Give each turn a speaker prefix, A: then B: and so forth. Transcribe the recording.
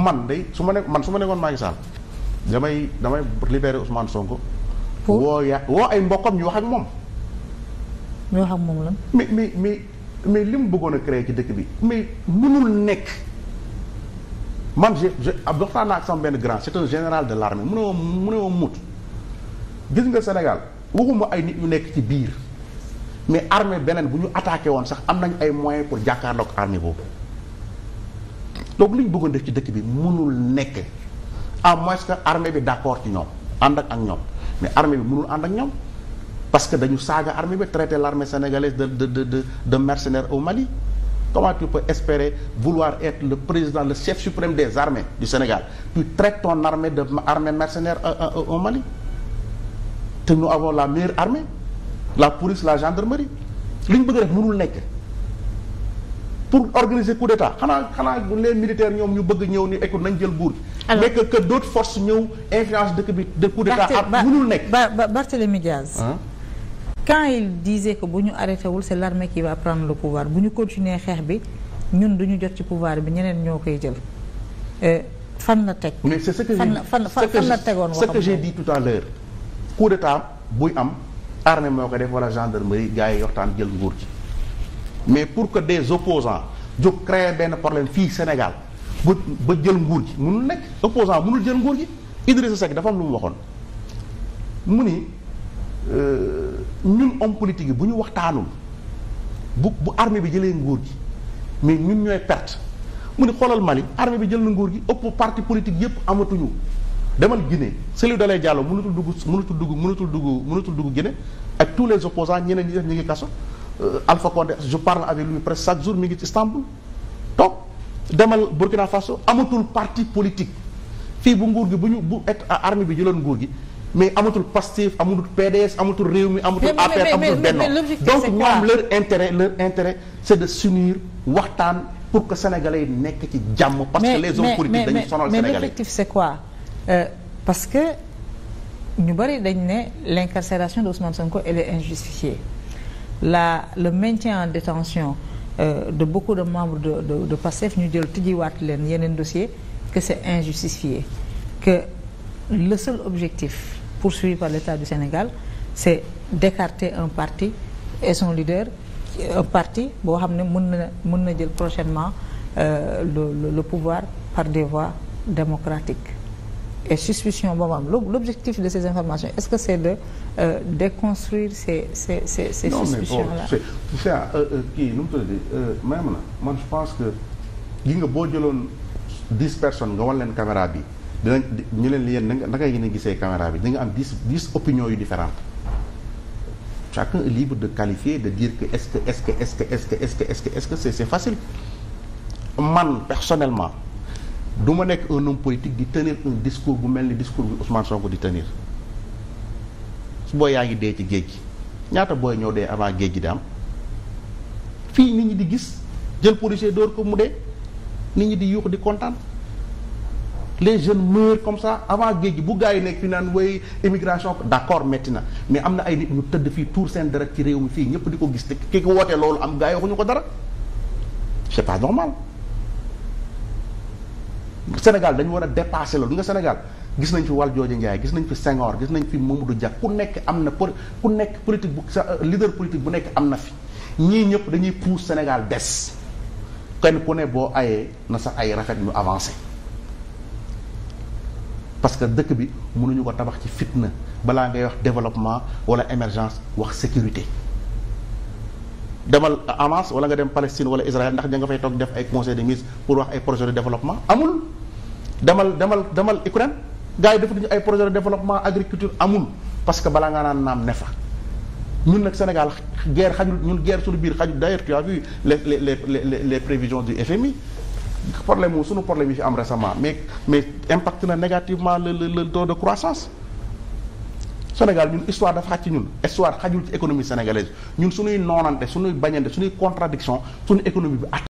A: man day su ma ne man su ma nekkoon Macky Sall damay damay libéré Ousmane Sonko. woo ya woo ay mbokkam ñu wax ak moom. ñu wax ak moom lan. mais mais li mu bëggoon a créer ci dëkk bi mais mënul nekk man je je waxtaan ah, naa ak sama benn grand c'est général de l'armée mu ne ma mu ne mut gis nga Sénégal waxuma ay nit ñu nekk ci biir mais armée beneen bu ñu attaqué woon sax am nañ ay moyens pour jàkkaarloog armée boobu. donc li ñu bëggoon def ci dëkk bi mënul nekk à moins que armée bi d'accord ci ñoom ànd ak ak ñoom mais armée bi mënul ànd ak ñoom parce que dañu saaga armée bi traiter l'armée sénégalaise de de de de de mercenaires au Mali comment tu peux espérer vouloir et le président le chef suprême des armées du Sénégal tu traites ton de armée mercenaire euh, euh, euh, au Mali te nous avons la meilleure armée la police la gendarmerie li ñu bëgg def mënul nekk. pour organiser coup d'état xanaa xanaa les militaires ñoom ñu bëgg ñëw ni écoute nañ jël buur mais que que d'autres forces ñëw influence dëkk bi de coup d'état am mënul nekk
B: bu ñu arrêté wul c'est l'armée qui va prendre le pouvoir bu ñu continuer xeex bi ñun du ñu jot ci pouvoir bi ñeneen ñoo koy jël euh, fan na teg mais c'est ce fan na fan la tegoon waxam ce que j'ai dit
A: tout à l'heure coup d'état buy am armée moo ko def wala gendarmerie gars yi waxtaan jël nguur ci mais pour que des opposants jóg créer benn problème fii Sénégal ba ba jël nguur gi mënul nekk opposant mënul jël nguur gi Idrissa Seck dafa am lu mu waxoon mu ni euh, ñun homme politique yi bu ñu waxtaanul bu bu armée bi jëlee nguur gi mais ñun ñooy perte mu ni xoolal Mali armée bi jël na nguur gi ëpp parti politique yépp amatuñu demal Guinée Cellou Dalein Diallo mënatul dugg mënatul dugg mënatul dugg mënatul dugg Guinée ak tous les opposants ñeneen ñi def ñu ngi kaso Euh, Alpha Condé je parle avec lui presque chaque jour mi ngi ci Istanbul to demal Burkina Faso amatul parti politique fii bu nguur gi bu ñu bu et bi jëloon nguur gi mais amatul Pastef amatul PDS amatul réew mi amatul APR amatul Benno donc ñoom leur intérêt leur intérêt c'est de s'unir waxtaan pour que sénégalais yi nekk ci jàmm parce que les hommes politiques dañu sonal sénégalais
B: mais c'est quoi euh, parce que ñu bëri dañ ne l'incarcération d'Ousmane Sonko elle est injustifiée la le maintien en détention euh, de beaucoup de membres de de, de PASTEF ñu jël tijjiwaat leen yeneen dossier que c'est injustifié que le seul objectif poursuivi par l'État du Sénégal c'est d'écarter un parti et son leader un parti boo xam ne mën na mën na jël prochainement euh, le, le le pouvoir par des voies démocratiques et suspicion boobu am l'objectif de ces informations est-ce que c'est de euh, déconstruire ces ces ces ces suspicions-là non mais
A: bon c'est euh, euh, kii nu mu tuddati euh, même na man je pense que gi nga boo jëloon dix personnes nga wan leen caméra bi dinañ ñu leen li yéen naka naka ngeen a gisee caméra bi di nga am dix dix opinions yu différentes chacun est libre de qualifier de dire que est-ce que est-ce que est-ce que est-ce que est-ce que est-ce que c'est c'est facile man personnellement du ma nekk un homme politique di tenir un discours bu mel ni discours bi Ousmane ko di tenir su booy yaa ngi dee ci géej gi ñaata booy ñoo dee avant géej gi de am fii nit ñi di gis jël policier dóor ko mu dee nit ñi di yuux di kontaan les jeunes meurent comme ça avant géej gi bu gars yi nekk fi naan way immigration d'accord métti na mais am na ay nit ñu tëdd fii tuur seen deret ci réew mi fii ñëpp di ko gis te ki ko wootee loolu am gars yi waxuñu ko dara c'est pas normal Sénégal dañu war a dépasser loolu nga Sénégal gis nañ fi Valdiodio Ndiaye gis nañ fi Senghor gis nañ fi Mamadou Dia ku nekk am na pour ku nekk politique bu sa euh, leader politique bu nekk am na fi ñii ñëpp dañuy pousse Sénégal des kenn ku ne boo ayee na sax ay rafet ñu avancé parce que dëkk bi mënuñu ko tabax ci fitna balaa ngay wax développement wala émergence wax sécurité. demal Hamas wala nga dem Palestine wala Israël ndax ña nga fay toog def ay conseil de mise pour wax ay projet de développement amul demal demal demal Ukraine gars yi def defatuñu ay projet de développement agriculture amul parce que balaa ngaa naan naam ne fa ñun nag Sénégal guerre xajul ñun guerre suñu biir xajul d'ailleurs tu le vu le les les les prévisions du FMI problème mu suñu problème yi fi am récemment mais mais impacte na négativement le le le taux de croissance Sénégal ñun histoire dafa xaj ci ñun histoire xajul ci économie sénégalaise ñun suñuy noonante suñuy bañante suñuy contradiction suñu économie bi